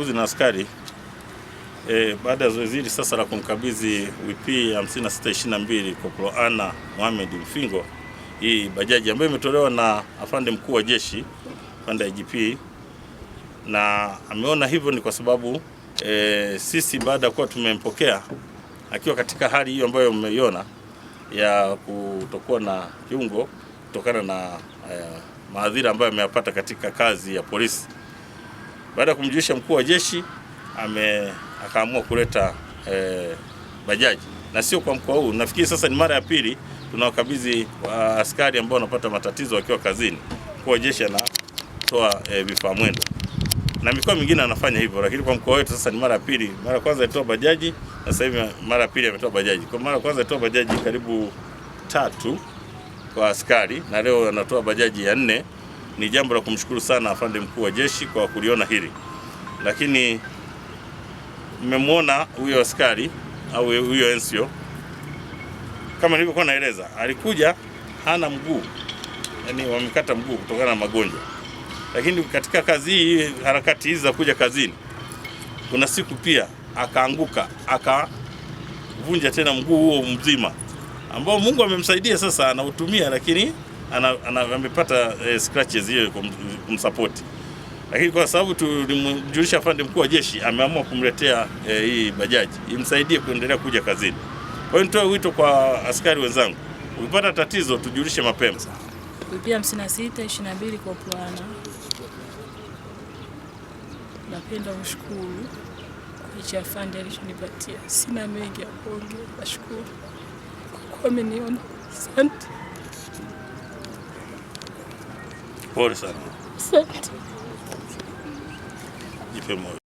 Uzi na askari e, baada ya zoezi hili sasa la kumkabidhi WP 5622 Koplo Ana Mohamed Mfingo hii bajaji ambayo imetolewa na afande mkuu wa jeshi afande IGP, na ameona hivyo ni kwa sababu e, sisi baada ya kuwa tumempokea akiwa katika hali hiyo ambayo mmeiona ya kutokuwa na kiungo kutokana na e, maadhira ambayo ameyapata katika kazi ya polisi baada ya kumjulisha mkuu wa jeshi ame akaamua kuleta e, bajaji na sio kwa mkoa huu. Nafikiri sasa ni mara ya pili tunawakabidhi ah, askari ambao wanapata matatizo wakiwa kazini. Mkuu wa jeshi anatoa e, vifaa mwendo na mikoa mingine anafanya hivyo, lakini kwa mkoa wetu sasa ni mara ya pili. Mara kwanza alitoa bajaji na sasa hivi mara ya pili ametoa bajaji. Kwa mara kwanza alitoa bajaji karibu tatu kwa askari na leo anatoa bajaji ya nne ni jambo la kumshukuru sana afande mkuu wa jeshi kwa kuliona hili, lakini mmemwona huyo askari au huyo NCO kama nilivyokuwa naeleza, alikuja hana mguu, yani wamekata mguu kutokana na magonjwa, lakini katika kazi hii, harakati hizi za kuja kazini, kuna siku pia akaanguka akavunja tena mguu huo mzima ambao Mungu amemsaidia sasa anautumia, lakini ana, amepata eh, scratches hiyo kumsapoti, lakini kwa sababu tulimjulisha afande mkuu wa jeshi ameamua kumletea eh, hii bajaji imsaidie kuendelea kuja kazini. Kwa hiyo nitoe wito kwa askari wenzangu, ukipata tatizo tujulishe mapema. Kuipia 56 22 kwa Pwana. Napenda kushukuru hichi afande alichonipatia, sina mengi ya kuongea, nashukuru kwa kuwa ameniona. Asante. Pole sana. Asante. Jipe moyo.